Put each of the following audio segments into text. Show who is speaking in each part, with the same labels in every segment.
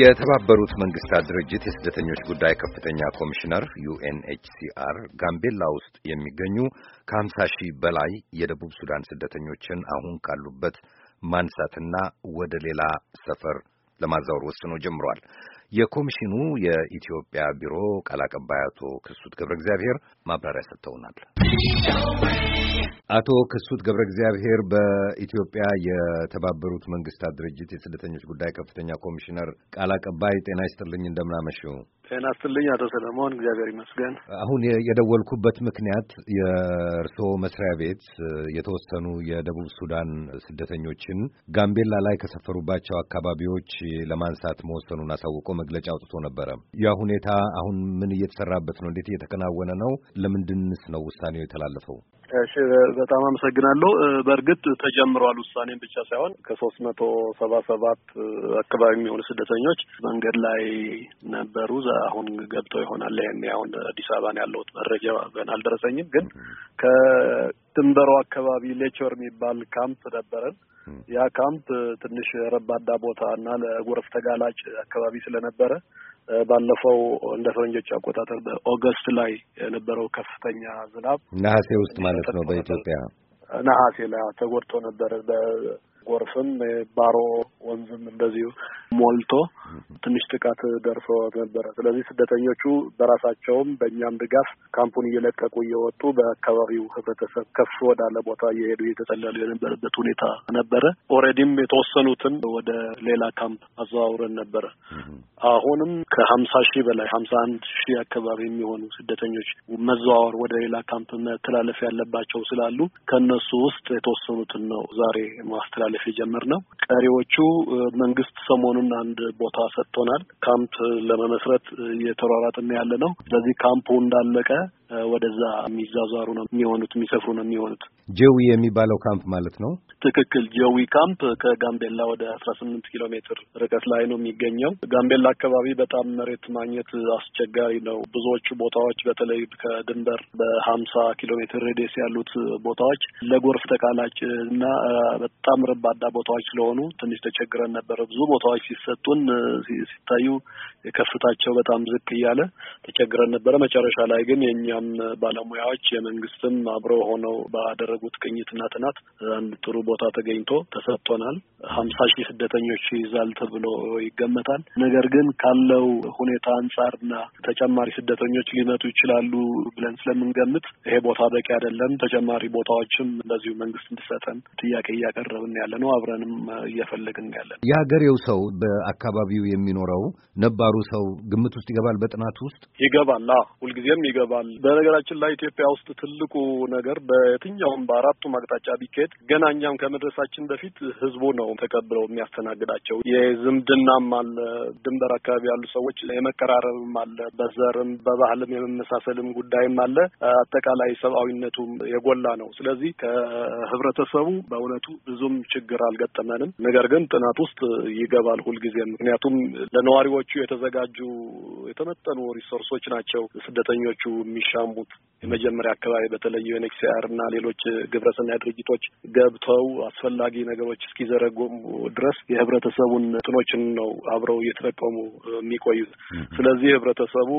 Speaker 1: የተባበሩት መንግስታት ድርጅት የስደተኞች ጉዳይ ከፍተኛ ኮሚሽነር ዩኤንኤችሲአር ጋምቤላ ውስጥ የሚገኙ ከ50 ሺህ በላይ የደቡብ ሱዳን ስደተኞችን አሁን ካሉበት ማንሳትና ወደ ሌላ ሰፈር ለማዛወር ወስኖ ጀምሯል። የኮሚሽኑ የኢትዮጵያ ቢሮ ቃል አቀባይ አቶ ክሱት ገብረ እግዚአብሔር ማብራሪያ ሰጥተውናል። አቶ ክሱት ገብረ እግዚአብሔር በኢትዮጵያ የተባበሩት መንግስታት ድርጅት የስደተኞች ጉዳይ ከፍተኛ ኮሚሽነር ቃል አቀባይ፣ ጤና ይስጥልኝ። እንደምናመሹ።
Speaker 2: ጤና ይስጥልኝ አቶ ሰለሞን፣ እግዚአብሔር ይመስገን።
Speaker 1: አሁን የደወልኩበት ምክንያት የእርስዎ መስሪያ ቤት የተወሰኑ የደቡብ ሱዳን ስደተኞችን ጋምቤላ ላይ ከሰፈሩባቸው አካባቢዎች ለማንሳት መወሰኑን አሳውቆ መግለጫ አውጥቶ ነበረ። ያ ሁኔታ አሁን ምን እየተሰራበት ነው? እንዴት እየተከናወነ ነው? ለምንድንስ ነው ውሳኔው የተላለፈው?
Speaker 2: እሺ፣ በጣም አመሰግናለሁ። በእርግጥ ተጀምሯል። ውሳኔን ብቻ ሳይሆን ከሶስት መቶ ሰባ ሰባት አካባቢ የሚሆኑ ስደተኞች መንገድ ላይ ነበሩ። አሁን ገብተው ይሆናል። ይሄን አሁን አዲስ አበባ ነው ያለሁት። መረጃ ገና አልደረሰኝም፣ ግን ከድንበሩ አካባቢ ሌቸር የሚባል ካምፕ ነበረን ያ ካምፕ ትንሽ ረባዳ ቦታ እና ለጎርፍ ተጋላጭ አካባቢ ስለነበረ ባለፈው እንደ ፈረንጆች አቆጣጠር በኦገስት ላይ የነበረው ከፍተኛ ዝናብ
Speaker 1: ነሐሴ ውስጥ ማለት ነው በኢትዮጵያ
Speaker 2: ነሐሴ ላይ ተጎድቶ ነበረ ጎርፍም ባሮ ወንዝም እንደዚሁ ሞልቶ ትንሽ ጥቃት ደርሶ ነበረ። ስለዚህ ስደተኞቹ በራሳቸውም በእኛም ድጋፍ ካምፑን እየለቀቁ እየወጡ በአካባቢው ህብረተሰብ ከፍ ወዳለ ቦታ እየሄዱ እየተጠለሉ የነበረበት ሁኔታ ነበረ። ኦልሬዲም የተወሰኑትን ወደ ሌላ ካምፕ አዘዋውረን ነበረ። አሁንም ከሀምሳ ሺህ በላይ ሀምሳ አንድ ሺህ አካባቢ የሚሆኑ ስደተኞች መዘዋወር ወደ ሌላ ካምፕ መተላለፍ ያለባቸው ስላሉ ከእነሱ ውስጥ የተወሰኑትን ነው ዛሬ ማስተላለፍ መደገፍ የጀመርነው። ቀሪዎቹ መንግስት ሰሞኑን አንድ ቦታ ሰጥቶናል፣ ካምፕ ለመመስረት እየተሯሯጥን ያለ ነው። ስለዚህ ካምፑ እንዳለቀ ወደዛ የሚዛዛሩ ነው የሚሆኑት፣ የሚሰፍሩ ነው የሚሆኑት።
Speaker 1: ጄዊ የሚባለው ካምፕ ማለት ነው።
Speaker 2: ትክክል ጆዊ ካምፕ ከጋምቤላ ወደ አስራ ስምንት ኪሎ ሜትር ርቀት ላይ ነው የሚገኘው። ጋምቤላ አካባቢ በጣም መሬት ማግኘት አስቸጋሪ ነው። ብዙዎቹ ቦታዎች በተለይ ከድንበር በሀምሳ ኪሎ ሜትር ሬዲየስ ያሉት ቦታዎች ለጎርፍ ተቃላጭ እና በጣም ረባዳ ቦታዎች ስለሆኑ ትንሽ ተቸግረን ነበረ። ብዙ ቦታዎች ሲሰጡን ሲታዩ ከፍታቸው በጣም ዝቅ እያለ ተቸግረን ነበረ። መጨረሻ ላይ ግን የእኛም ባለሙያዎች የመንግስትም አብረው ሆነው ባደረጉት ቅኝትና ጥናት አንድ ጥሩ ቦታ ተገኝቶ ተሰጥቶናል። ሀምሳ ሺህ ስደተኞች ይዛል ተብሎ ይገመታል። ነገር ግን ካለው ሁኔታ አንጻርና ተጨማሪ ስደተኞች ሊመጡ ይችላሉ ብለን ስለምንገምት ይሄ ቦታ በቂ አይደለም፣ ተጨማሪ ቦታዎችም እንደዚሁ መንግስት እንዲሰጠን ጥያቄ እያቀረብን ያለ ነው። አብረንም እየፈለግን ያለ
Speaker 1: ነው። የሀገሬው ሰው በአካባቢው የሚኖረው ነባሩ ሰው ግምት ውስጥ ይገባል፣ በጥናት ውስጥ
Speaker 2: ይገባል፣ ሁልጊዜም ይገባል። በነገራችን ላይ ኢትዮጵያ ውስጥ ትልቁ ነገር በየትኛውም በአራቱም አቅጣጫ ቢካሄድ ገና ከመድረሳችን በፊት ህዝቡ ነው ተቀብለው የሚያስተናግዳቸው። የዝምድናም አለ፣ ድንበር አካባቢ ያሉ ሰዎች የመቀራረብም አለ፣ በዘርም በባህልም የመመሳሰልም ጉዳይም አለ። አጠቃላይ ሰብአዊነቱም የጎላ ነው። ስለዚህ ከህብረተሰቡ በእውነቱ ብዙም ችግር አልገጠመንም። ነገር ግን ጥናት ውስጥ ይገባል ሁልጊዜ። ምክንያቱም ለነዋሪዎቹ የተዘጋጁ የተመጠኑ ሪሶርሶች ናቸው ስደተኞቹ የሚሻሙት። የመጀመሪያ አካባቢ በተለይ ዩኤንኤችሲአር እና ሌሎች ግብረሰናይ ድርጅቶች ገብተው አስፈላጊ ነገሮች እስኪዘረጉ ድረስ የህብረተሰቡን ጥኖችን ነው አብረው እየተጠቀሙ የሚቆዩት። ስለዚህ ህብረተሰቡ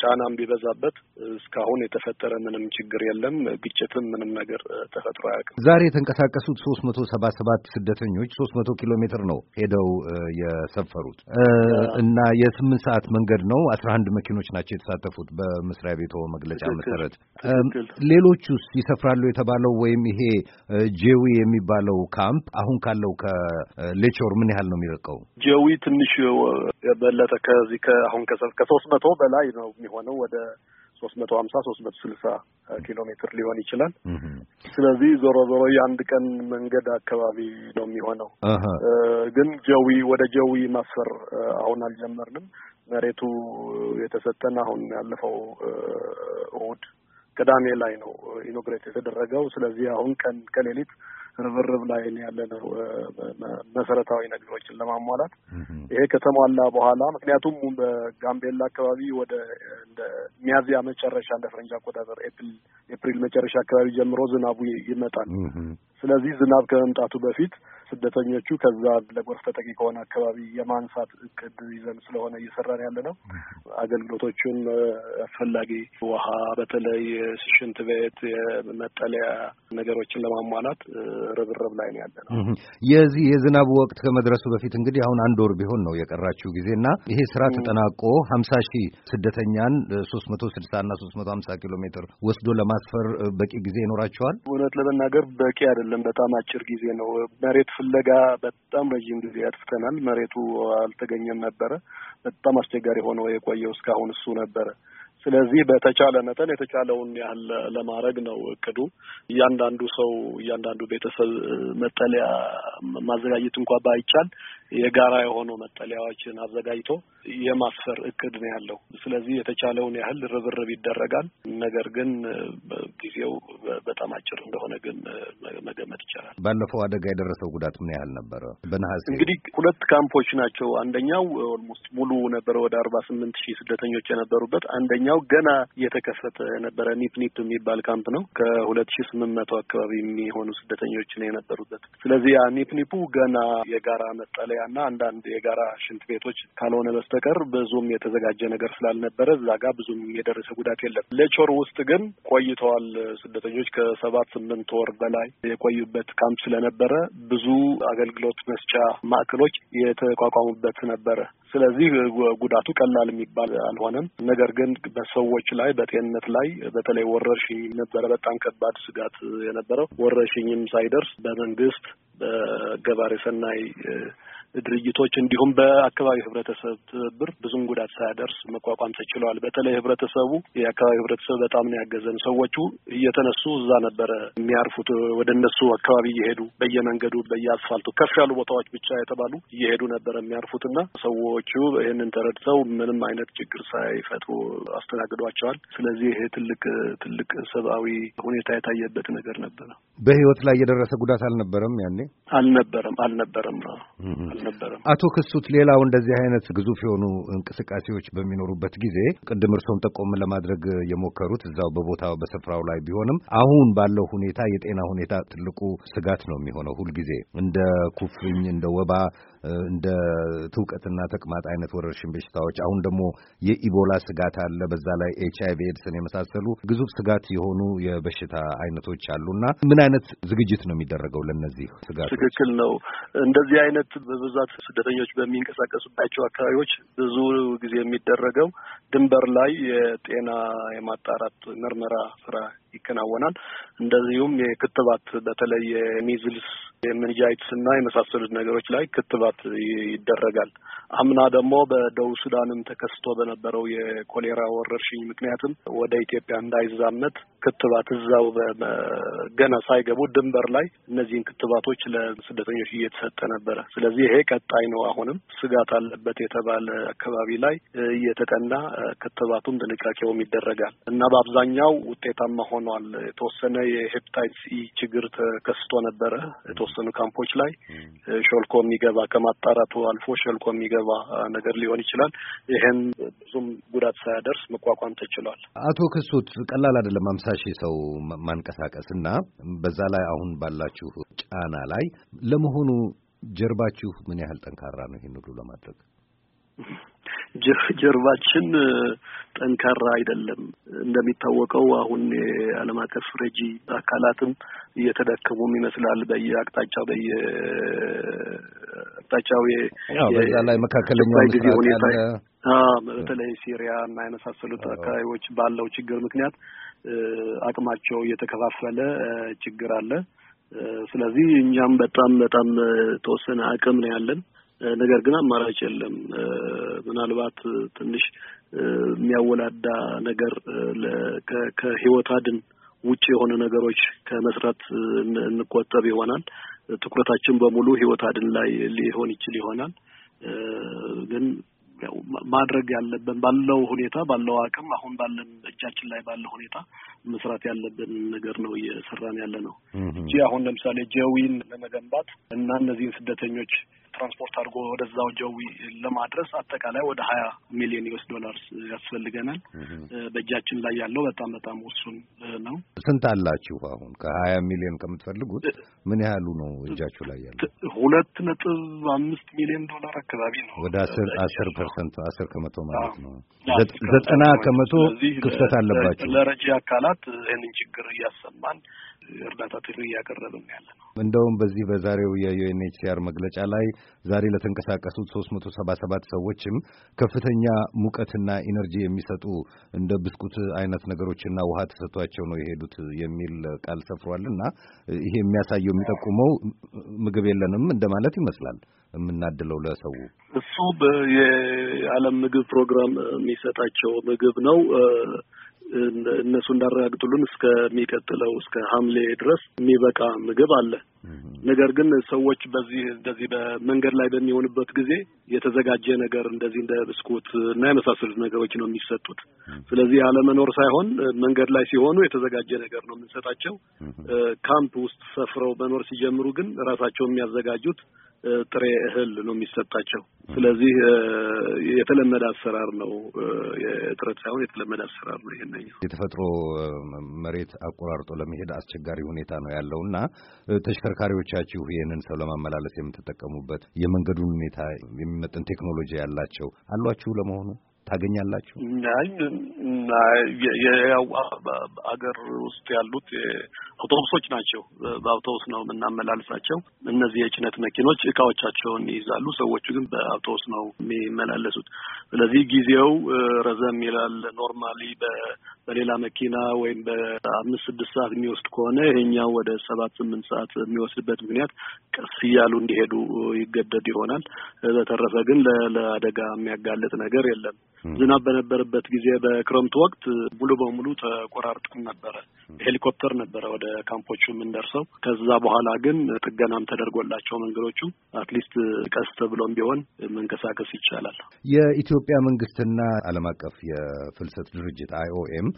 Speaker 2: ጫናም ቢበዛበት እስካሁን የተፈጠረ ምንም ችግር የለም። ግጭትም ምንም ነገር ተፈጥሮ አያውቅም።
Speaker 1: ዛሬ የተንቀሳቀሱት ሶስት መቶ ሰባ ሰባት ስደተኞች ሶስት መቶ ኪሎ ሜትር ነው ሄደው የሰፈሩት እና የስምንት ሰዓት መንገድ ነው። አስራ አንድ መኪኖች ናቸው የተሳተፉት በመስሪያ ቤቶ መግለጫ መሰረት። ሌሎቹስ ይሰፍራሉ የተባለው ወይም ይሄ ጄዊ የሚባለው ካምፕ አሁን ካለው ከሌቾር ምን ያህል ነው የሚርቀው? ጄዊ ትንሽ
Speaker 2: የበለጠ ከዚህ ከአሁን ከሶስት መቶ በላይ ነው የሚሆነው ወደ ሶስት መቶ ሀምሳ ሶስት መቶ ስልሳ ኪሎ ሜትር ሊሆን ይችላል። ስለዚህ ዞሮ ዞሮ የአንድ ቀን መንገድ አካባቢ ነው የሚሆነው። ግን ጀዊ ወደ ጀዊ ማስፈር አሁን አልጀመርንም። መሬቱ የተሰጠን አሁን ያለፈው እሑድ ቅዳሜ ላይ ነው ኢኖግሬት የተደረገው። ስለዚህ አሁን ቀን ከሌሊት ርብርብ ላይ ነው መሰረታዊ ነገሮችን ለማሟላት። ይሄ ከተሟላ በኋላ ምክንያቱም በጋምቤላ አካባቢ ወደ ሚያዝያ መጨረሻ እንደ ፈረንጅ አቆጣጠር ኤፕሪል መጨረሻ አካባቢ ጀምሮ ዝናቡ ይመጣል። ስለዚህ ዝናብ ከመምጣቱ በፊት ስደተኞቹ ከዛ ለጎርፍ ተጠቂ ከሆነ አካባቢ የማንሳት እቅድ ይዘን ስለሆነ እየሰራን ያለ ነው። አገልግሎቶቹን አስፈላጊ ውሃ፣ በተለይ ሽንት ቤት፣ የመጠለያ ነገሮችን ለማሟላት ርብርብ ላይ ነው ያለ
Speaker 1: ነው። የዚህ የዝናቡ ወቅት ከመድረሱ በፊት እንግዲህ አሁን አንድ ወር ቢሆን ነው የቀራችው ጊዜ እና ይሄ ስራ ተጠናቆ ሀምሳ ሺህ ስደተኛን ሶስት መቶ ስልሳ እና ሶስት መቶ ሀምሳ ኪሎ ሜትር ወስዶ ለማስፈር በቂ ጊዜ ይኖራቸዋል።
Speaker 2: እውነት ለመናገር በቂ አይደለም። በጣም አጭር ጊዜ ነው መሬት ፍለጋ በጣም ረዥም ጊዜ አጥፍተናል። መሬቱ አልተገኘም ነበረ። በጣም አስቸጋሪ ሆነው የቆየው እስካሁን እሱ ነበረ። ስለዚህ በተቻለ መጠን የተቻለውን ያህል ለማድረግ ነው እቅዱ። እያንዳንዱ ሰው እያንዳንዱ ቤተሰብ መጠለያ ማዘጋጀት እንኳ ባይቻል የጋራ የሆኑ መጠለያዎችን አዘጋጅቶ የማስፈር እቅድ ነው ያለው። ስለዚህ የተቻለውን ያህል ርብርብ ይደረጋል። ነገር ግን ጊዜው በጣም አጭር እንደሆነ ግን መገመት ይቻላል።
Speaker 1: ባለፈው አደጋ የደረሰው ጉዳት ምን ያህል ነበረ? በነሐሴ እንግዲህ
Speaker 2: ሁለት ካምፖች ናቸው። አንደኛው ኦልሞስት ሙሉ ነበረ፣ ወደ አርባ ስምንት ሺህ ስደተኞች የነበሩበት። አንደኛው ገና የተከፈተ የነበረ ኒፕኒፕ የሚባል ካምፕ ነው። ከሁለት ሺህ ስምንት መቶ አካባቢ የሚሆኑ ስደተኞች ነው የነበሩበት። ስለዚህ ያ ኒፕኒፑ ገና የጋራ መጠለያ እና አንዳንድ የጋራ ሽንት ቤቶች ካልሆነ በስተቀር ብዙም የተዘጋጀ ነገር ስላልነበረ እዛ ጋር ብዙም የደረሰ ጉዳት የለም። ለቾር ውስጥ ግን ቆይተዋል ስደተኞች ከሰባት ስምንት ወር በላይ የቆዩበት ካምፕ ስለነበረ ብዙ አገልግሎት መስጫ ማዕከሎች የተቋቋሙበት ነበረ። ስለዚህ ጉዳቱ ቀላል የሚባል አልሆነም። ነገር ግን በሰዎች ላይ በጤንነት ላይ በተለይ ወረርሽኝ ነበረ በጣም ከባድ ስጋት የነበረው ወረርሽኝም ሳይደርስ በመንግስት በገባሬ ሰናይ ድርጅቶች እንዲሁም በአካባቢው ህብረተሰብ ትብብር ብዙም ጉዳት ሳያደርስ መቋቋም ተችለዋል። በተለይ ህብረተሰቡ የአካባቢ ህብረተሰብ በጣም ነው ያገዘን። ሰዎቹ እየተነሱ እዛ ነበረ የሚያርፉት ወደ እነሱ አካባቢ እየሄዱ በየመንገዱ በየአስፋልቱ ከፍ ያሉ ቦታዎች ብቻ የተባሉ እየሄዱ ነበረ የሚያርፉት እና ሰዎቹ ይህንን ተረድተው ምንም አይነት ችግር ሳይፈቱ አስተናግዷቸዋል። ስለዚህ ይሄ ትልቅ ትልቅ ሰብአዊ ሁኔታ የታየበት ነገር ነበረ።
Speaker 1: በህይወት ላይ የደረሰ ጉዳት አልነበረም። ያኔ
Speaker 2: አልነበረም አልነበረም ነው ነበረ።
Speaker 1: አቶ ክሱት፣ ሌላው እንደዚህ አይነት ግዙፍ የሆኑ እንቅስቃሴዎች በሚኖሩበት ጊዜ ቅድም እርሶም ጠቆም ለማድረግ የሞከሩት እዛው በቦታው በስፍራው ላይ ቢሆንም አሁን ባለው ሁኔታ የጤና ሁኔታ ትልቁ ስጋት ነው የሚሆነው ሁልጊዜ እንደ ኩፍኝ እንደ ወባ እንደ ትውቀትና ተቅማጥ አይነት ወረርሽኝ በሽታዎች፣ አሁን ደግሞ የኢቦላ ስጋት አለ። በዛ ላይ ኤች ቪ ኤድስን የመሳሰሉ ግዙፍ ስጋት የሆኑ የበሽታ አይነቶች አሉና ምን አይነት ዝግጅት ነው የሚደረገው ለእነዚህ ስጋት? ትክክል
Speaker 2: ነው። እንደዚህ አይነት በብዛት ስደተኞች በሚንቀሳቀሱባቸው አካባቢዎች ብዙ ጊዜ የሚደረገው ድንበር ላይ የጤና የማጣራት ምርመራ ስራ ይከናወናል። እንደዚሁም የክትባት በተለይ የሚዝልስ የምንጃይትስ እና የመሳሰሉት ነገሮች ላይ ክትባት ይደረጋል። አምና ደግሞ በደቡብ ሱዳንም ተከስቶ በነበረው የኮሌራ ወረርሽኝ ምክንያትም ወደ ኢትዮጵያ እንዳይዛመት ክትባት እዛው ገና ሳይገቡ ድንበር ላይ እነዚህን ክትባቶች ለስደተኞች እየተሰጠ ነበረ። ስለዚህ ይሄ ቀጣይ ነው። አሁንም ስጋት አለበት የተባለ አካባቢ ላይ እየተጠና ክትባቱም ጥንቃቄውም ይደረጋል እና በአብዛኛው ውጤታማ ሆነ ሆኗል። የተወሰነ የሄፕታይትስ ኢ ችግር ተከስቶ ነበረ የተወሰኑ ካምፖች ላይ ሾልኮ የሚገባ ከማጣራቱ አልፎ ሾልኮ የሚገባ ነገር ሊሆን ይችላል። ይህም ብዙም ጉዳት ሳያደርስ መቋቋም ተችሏል።
Speaker 1: አቶ ክሱት ቀላል አይደለም አምሳሽ ሺህ ሰው ማንቀሳቀስ እና በዛ ላይ አሁን ባላችሁ ጫና ላይ ለመሆኑ ጀርባችሁ ምን ያህል ጠንካራ ነው? ይህን ሁሉ ለማድረግ
Speaker 2: ጀርባችን ጠንካራ አይደለም። እንደሚታወቀው አሁን የዓለም አቀፍ ረጂ አካላትም እየተዳከሙም ይመስላል። በየአቅጣጫው በየአቅጣጫው በዛ
Speaker 1: ላይ መካከለኛ ጊዜ ሁኔታ በተለይ
Speaker 2: ሲሪያ እና የመሳሰሉት አካባቢዎች ባለው ችግር ምክንያት አቅማቸው እየተከፋፈለ ችግር አለ። ስለዚህ እኛም በጣም በጣም ተወሰነ አቅም ነው ያለን። ነገር ግን አማራጭ የለም። ምናልባት ትንሽ የሚያወላዳ ነገር ከህይወት አድን ውጭ የሆነ ነገሮች ከመስራት እንቆጠብ ይሆናል። ትኩረታችን በሙሉ ህይወት አድን ላይ ሊሆን ይችል ይሆናል ግን ያው ማድረግ ያለብን ባለው ሁኔታ ባለው አቅም አሁን ባለን እጃችን ላይ ባለ ሁኔታ መስራት ያለብን ነገር ነው እየሰራን ያለ ነው እንጂ አሁን ለምሳሌ ጀዊን ለመገንባት እና እነዚህን ስደተኞች ትራንስፖርት አድርጎ ወደዛው ጀዊ ለማድረስ አጠቃላይ ወደ ሀያ ሚሊዮን ዩኤስ ዶላርስ ያስፈልገናል። በእጃችን ላይ ያለው በጣም በጣም ውሱን ነው።
Speaker 1: ስንት አላችሁ? አሁን ከሀያ ሚሊዮን ከምትፈልጉት ምን ያህሉ ነው እጃችሁ ላይ ያለው?
Speaker 2: ሁለት ነጥብ አምስት ሚሊዮን ዶላር አካባቢ
Speaker 1: ነው። ወደ አስር አስር ፐርሰንት አስር ከመቶ ማለት
Speaker 2: ነው። ዘጠና ከመቶ
Speaker 1: ክፍተት አለባቸው።
Speaker 2: ለረጂ አካላት ይህንን ችግር እያሰማን እርዳታ ትሉ እያቀረብን ያለ
Speaker 1: ነው። እንደውም በዚህ በዛሬው የዩኤንኤችሲአር መግለጫ ላይ ዛሬ ለተንቀሳቀሱት ሶስት መቶ ሰባ ሰባት ሰዎችም ከፍተኛ ሙቀትና ኢነርጂ የሚሰጡ እንደ ብስኩት አይነት ነገሮችና ውሃ ተሰጥቷቸው ነው የሄዱት የሚል ቃል ሰፍሯል እና ይሄ የሚያሳየው የሚጠቁመው ምግብ የለንም እንደማለት ይመስላል የምናድለው ለሰው
Speaker 2: እሱ የዓለም ምግብ ፕሮግራም የሚሰጣቸው ምግብ ነው። እነሱ እንዳረጋግጡልን እስከሚቀጥለው እስከ ሐምሌ ጨሌ ድረስ የሚበቃ ምግብ አለ። ነገር ግን ሰዎች በዚህ እንደዚህ በመንገድ ላይ በሚሆንበት ጊዜ የተዘጋጀ ነገር እንደዚህ እንደ ብስኩት እና የመሳሰሉት ነገሮች ነው የሚሰጡት። ስለዚህ ያለመኖር ሳይሆን መንገድ ላይ ሲሆኑ የተዘጋጀ ነገር ነው የምንሰጣቸው። ካምፕ ውስጥ ሰፍረው መኖር ሲጀምሩ ግን ራሳቸው የሚያዘጋጁት ጥሬ እህል ነው የሚሰጣቸው። ስለዚህ የተለመደ አሰራር ነው፣ የጥረት ሳይሆን የተለመደ አሰራር ነው። ይሄንኛው
Speaker 1: የተፈጥሮ መሬት አቆራርጦ ለመሄድ አስቸጋሪ ሁኔታ ነው ያለው እና ተሽከርካሪዎቻችሁ ይህንን ሰው ለማመላለስ የምትጠቀሙበት የመንገዱን ሁኔታ የሚመጥን ቴክኖሎጂ ያላቸው አሏችሁ ለመሆኑ? ታገኛላችሁ?
Speaker 2: አገር ውስጥ ያሉት አውቶቡሶች ናቸው። በአውቶቡስ ነው የምናመላልሳቸው። እነዚህ የጭነት መኪኖች እቃዎቻቸውን ይይዛሉ። ሰዎቹ ግን በአውቶቡስ ነው የሚመላለሱት። ስለዚህ ጊዜው ረዘም ይላል። ኖርማሊ በሌላ መኪና ወይም በአምስት ስድስት ሰዓት የሚወስድ ከሆነ ይሄኛው ወደ ሰባት ስምንት ሰዓት የሚወስድበት ምክንያት ቀስ እያሉ እንዲሄዱ ይገደድ ይሆናል። በተረፈ ግን ለአደጋ የሚያጋልጥ ነገር የለም። ዝናብ በነበረበት ጊዜ በክረምቱ ወቅት ሙሉ በሙሉ ተቆራርጠን ነበረ። ሄሊኮፕተር ነበረ ወደ ካምፖቹ የምንደርሰው። ከዛ በኋላ ግን ጥገናም ተደርጎላቸው መንገዶቹ አትሊስት ቀስ ተብሎም ቢሆን መንቀሳቀስ ይቻላል።
Speaker 1: የኢትዮጵያ መንግስትና ዓለም አቀፍ የፍልሰት ድርጅት አይኦኤም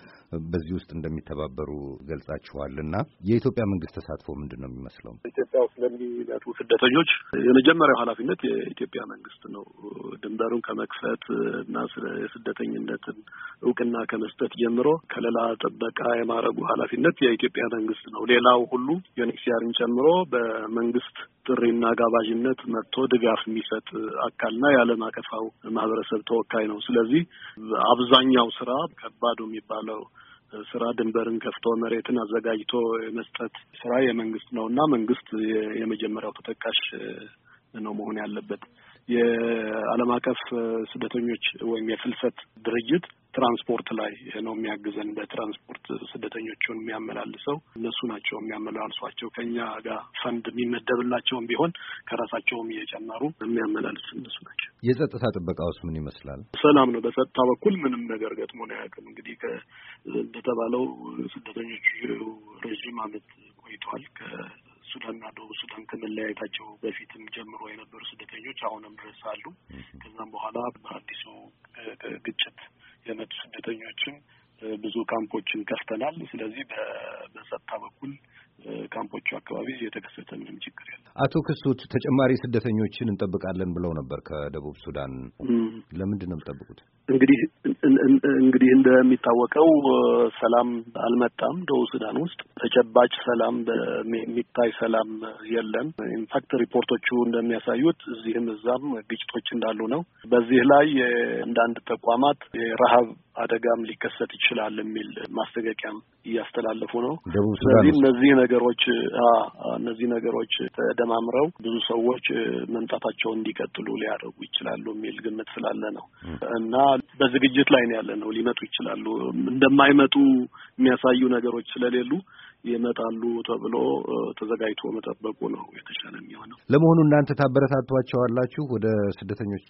Speaker 1: በዚህ ውስጥ እንደሚተባበሩ ገልጻችኋል እና የኢትዮጵያ መንግስት ተሳትፎ ምንድን ነው የሚመስለው?
Speaker 2: ኢትዮጵያ ውስጥ ለሚመጡ ስደተኞች የመጀመሪያው ኃላፊነት የኢትዮጵያ መንግስት ነው። ድንበሩን ከመክፈት እና የስደተኝነትን እውቅና ከመስጠት ጀምሮ ከለላ ጥበቃ የማድረጉ ኃላ ኃላፊነት የኢትዮጵያ መንግስት ነው። ሌላው ሁሉ ዩኤንኤችሲአርን ጨምሮ በመንግስት ጥሪና ጋባዥነት መጥቶ ድጋፍ የሚሰጥ አካልና የዓለም አቀፋው ማህበረሰብ ተወካይ ነው። ስለዚህ አብዛኛው ስራ ከባዱ የሚባለው ስራ ድንበርን ከፍቶ መሬትን አዘጋጅቶ የመስጠት ስራ የመንግስት ነው እና መንግስት የመጀመሪያው ተጠቃሽ ነው መሆን ያለበት። የዓለም አቀፍ ስደተኞች ወይም የፍልሰት ድርጅት ትራንስፖርት ላይ ነው የሚያግዘን። በትራንስፖርት ስደተኞቹን የሚያመላልሰው እነሱ ናቸው የሚያመላልሷቸው። ከኛ ጋር ፈንድ የሚመደብላቸውም ቢሆን ከራሳቸውም እየጨመሩ የሚያመላልሱ እነሱ
Speaker 1: ናቸው። የጸጥታ ጥበቃ ውስጥ ምን ይመስላል?
Speaker 2: ሰላም ነው። በጸጥታ በኩል ምንም ነገር ነው ያቅም። እንግዲህ እንደተባለው ስደተኞቹ ረዥም ዓመት ቆይተዋል። ሱዳንና ደቡብ ሱዳን ከመለያየታቸው በፊትም ጀምሮ የነበሩ ስደተኞች አሁንም ድረስ አሉ። ከዛም በኋላ በአዲሱ ግጭት የመጡ ስደተኞችም ብዙ ካምፖችን ከፍተናል። ስለዚህ በጸጥታ በኩል ካምፖቹ አካባቢ የተከሰተ ምንም ችግር
Speaker 1: የለም። አቶ ክሱት ተጨማሪ ስደተኞችን እንጠብቃለን ብለው ነበር ከደቡብ ሱዳን። ለምንድን ነው የምጠብቁት?
Speaker 2: እንግዲህ እንግዲህ እንደሚታወቀው ሰላም አልመጣም። ደቡብ ሱዳን ውስጥ ተጨባጭ ሰላም የሚታይ ሰላም የለም። ኢንፋክት ሪፖርቶቹ እንደሚያሳዩት እዚህም እዛም ግጭቶች እንዳሉ ነው። በዚህ ላይ አንዳንድ ተቋማት የረሀብ አደጋም ሊከሰት ይችላል የሚል ማስጠንቀቂያም እያስተላለፉ ነው።
Speaker 1: ስለዚህ እነዚህ
Speaker 2: ነገሮች እነዚህ ነገሮች ተደማምረው ብዙ ሰዎች መምጣታቸውን እንዲቀጥሉ ሊያደርጉ ይችላሉ የሚል ግምት ስላለ ነው እና በዝግጅት ላይ ነው ያለ ነው። ሊመጡ ይችላሉ እንደማይመጡ የሚያሳዩ ነገሮች ስለሌሉ ይመጣሉ ተብሎ ተዘጋጅቶ መጠበቁ ነው የተሻለ
Speaker 1: የሚሆነው። ለመሆኑ እናንተ ታበረታቷቸዋላችሁ ወደ ስደተኞች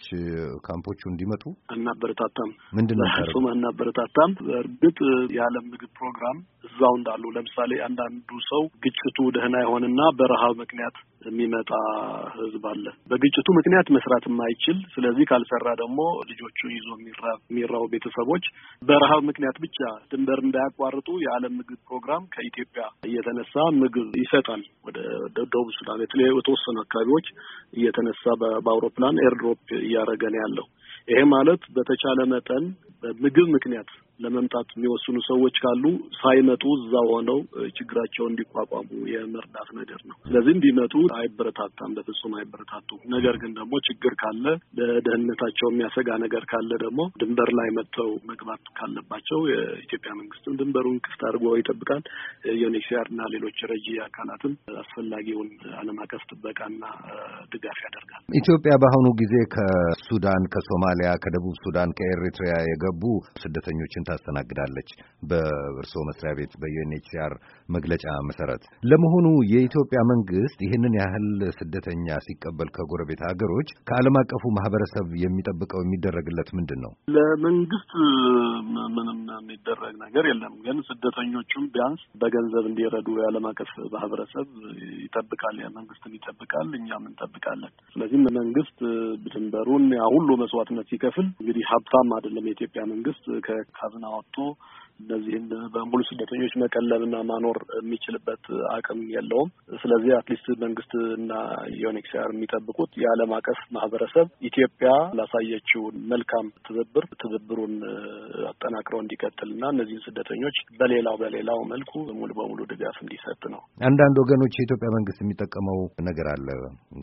Speaker 1: ካምፖቹ እንዲመጡ?
Speaker 2: አናበረታታም።
Speaker 1: ምንድን ነው? በፍጹም
Speaker 2: አናበረታታም። በእርግጥ የዓለም ምግብ ፕሮግራም እዛው እንዳሉ ለምሳሌ አንዳንዱ ሰው ግጭቱ ደህና ይሆንና በረሃብ ምክንያት የሚመጣ ህዝብ አለ። በግጭቱ ምክንያት መስራት የማይችል ስለዚህ ካልሰራ ደግሞ ልጆቹ ይዞ የሚራው ቤተሰቦች በረሃብ ምክንያት ብቻ ድንበር እንዳያቋርጡ የዓለም ምግብ ፕሮግራም ከኢትዮጵያ እየተነሳ ምግብ ይሰጣል። ወደ ደቡብ ሱዳን የተወሰኑ አካባቢዎች እየተነሳ በአውሮፕላን ኤርድሮፕ እያደረገ ነው ያለው። ይሄ ማለት በተቻለ መጠን በምግብ ምክንያት ለመምጣት የሚወስኑ ሰዎች ካሉ ሳይመጡ እዛ ሆነው ችግራቸውን እንዲቋቋሙ የመርዳት ነገር ነው። ስለዚህ እንዲመጡ አይበረታታም፣ በፍጹም አይበረታቱም። ነገር ግን ደግሞ ችግር ካለ ለደህንነታቸው የሚያሰጋ ነገር ካለ ደግሞ ድንበር ላይ መጥተው መግባት ካለባቸው የኢትዮጵያ መንግስትም ድንበሩን ክፍት አድርጎ ይጠብቃል። ዩኤንኤችሲአር እና ሌሎች ረጂ አካላትም አስፈላጊውን ዓለም አቀፍ ጥበቃና
Speaker 1: ድጋፍ ያደርጋል። ኢትዮጵያ በአሁኑ ጊዜ ከሱዳን፣ ከሶማሊያ፣ ከደቡብ ሱዳን፣ ከኤሪትሪያ የገቡ ስደተኞችን ዜጎችን ታስተናግዳለች። በእርስዎ መስሪያ ቤት በዩኤንኤችሲአር መግለጫ መሰረት ለመሆኑ የኢትዮጵያ መንግስት ይህንን ያህል ስደተኛ ሲቀበል ከጎረቤት ሀገሮች ከዓለም አቀፉ ማህበረሰብ የሚጠብቀው የሚደረግለት ምንድን ነው?
Speaker 2: ለመንግስት ምንም የሚደረግ ነገር የለም። ግን ስደተኞቹም ቢያንስ በገንዘብ እንዲረዱ የዓለም አቀፍ ማህበረሰብ ይጠብቃል፣ መንግስትም ይጠብቃል፣ እኛም እንጠብቃለን። ስለዚህም መንግስት ድንበሩን ያ ሁሉ መስዋዕትነት ሲከፍል እንግዲህ ሀብታም አይደለም የኢትዮጵያ መንግስት ከ na OTU እነዚህን በሙሉ ስደተኞች መቀለብና ማኖር የሚችልበት አቅም የለውም። ስለዚህ አትሊስት መንግስት እና የኦኔክሲያር የሚጠብቁት የዓለም አቀፍ ማህበረሰብ ኢትዮጵያ ላሳየችውን መልካም ትብብር ትብብሩን አጠናክረው ና እነዚህን ስደተኞች በሌላው በሌላው መልኩ ሙሉ በሙሉ ድጋፍ እንዲሰጥ ነው።
Speaker 1: አንዳንድ ወገኖች የኢትዮጵያ መንግስት የሚጠቀመው ነገር አለ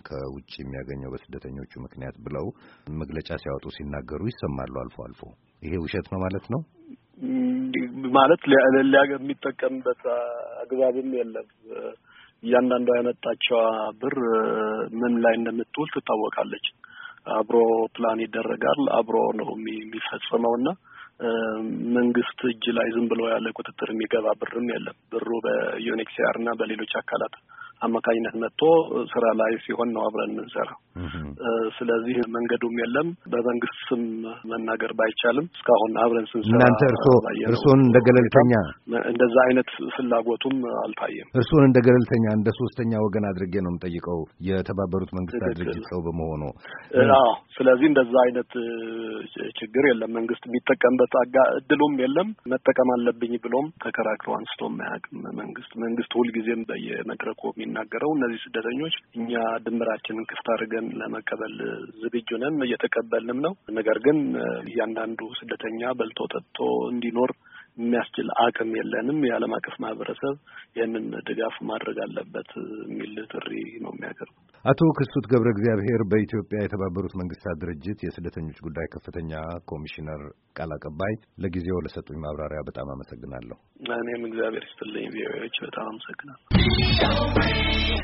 Speaker 1: ከውጭ የሚያገኘው በስደተኞቹ ምክንያት ብለው መግለጫ ሲያወጡ ሲናገሩ ይሰማሉ አልፎ አልፎ። ይሄ ውሸት ነው ማለት ነው? ማለት
Speaker 2: የሚጠቀምበት አግባብም የለም። እያንዳንዷ ያመጣቸዋ ብር ምን ላይ እንደምትውል ትታወቃለች። አብሮ ፕላን ይደረጋል፣ አብሮ ነው የሚፈጽመው እና መንግስት እጅ ላይ ዝም ብሎ ያለ ቁጥጥር የሚገባ ብርም የለም። ብሩ በዩኤንኤችሲአር እና በሌሎች አካላት አማካኝነት መጥቶ ስራ ላይ ሲሆን ነው አብረን የምንሰራው። ስለዚህ መንገዱም የለም በመንግስት ስም መናገር ባይቻልም እስካሁን አብረን ስንሰራ እናንተ እርስዎ እርስዎን
Speaker 1: እንደ ገለልተኛ
Speaker 2: እንደዛ አይነት ፍላጎቱም አልታየም።
Speaker 1: እርስዎን እንደ ገለልተኛ እንደ ሶስተኛ ወገን አድርጌ ነው የምጠይቀው የተባበሩት መንግስታት ድርጅት ሰው በመሆኑ።
Speaker 2: ስለዚህ እንደዛ አይነት ችግር የለም። መንግስት የሚጠቀምበት አጋ እድሉም የለም። መጠቀም አለብኝ ብሎም ተከራክሮ አንስቶ የማያውቅም መንግስት መንግስት ሁልጊዜም በየመድረኩ የሚ የሚናገረው እነዚህ ስደተኞች እኛ ድንበራችንን ክፍት አድርገን ለመቀበል ዝግጁ ነን፣ እየተቀበልንም ነው። ነገር ግን እያንዳንዱ ስደተኛ በልቶ ጠጥቶ እንዲኖር የሚያስችል አቅም የለንም። የዓለም አቀፍ ማህበረሰብ ይህንን ድጋፍ ማድረግ አለበት የሚል ጥሪ ነው የሚያቀርቡ።
Speaker 1: አቶ ክሱት ገብረ እግዚአብሔር በኢትዮጵያ የተባበሩት መንግስታት ድርጅት የስደተኞች ጉዳይ ከፍተኛ ኮሚሽነር ቃል አቀባይ፣ ለጊዜው ለሰጡኝ ማብራሪያ በጣም አመሰግናለሁ።
Speaker 2: እኔም እግዚአብሔር ይስጥልኝ። ቪዎች በጣም አመሰግናለሁ።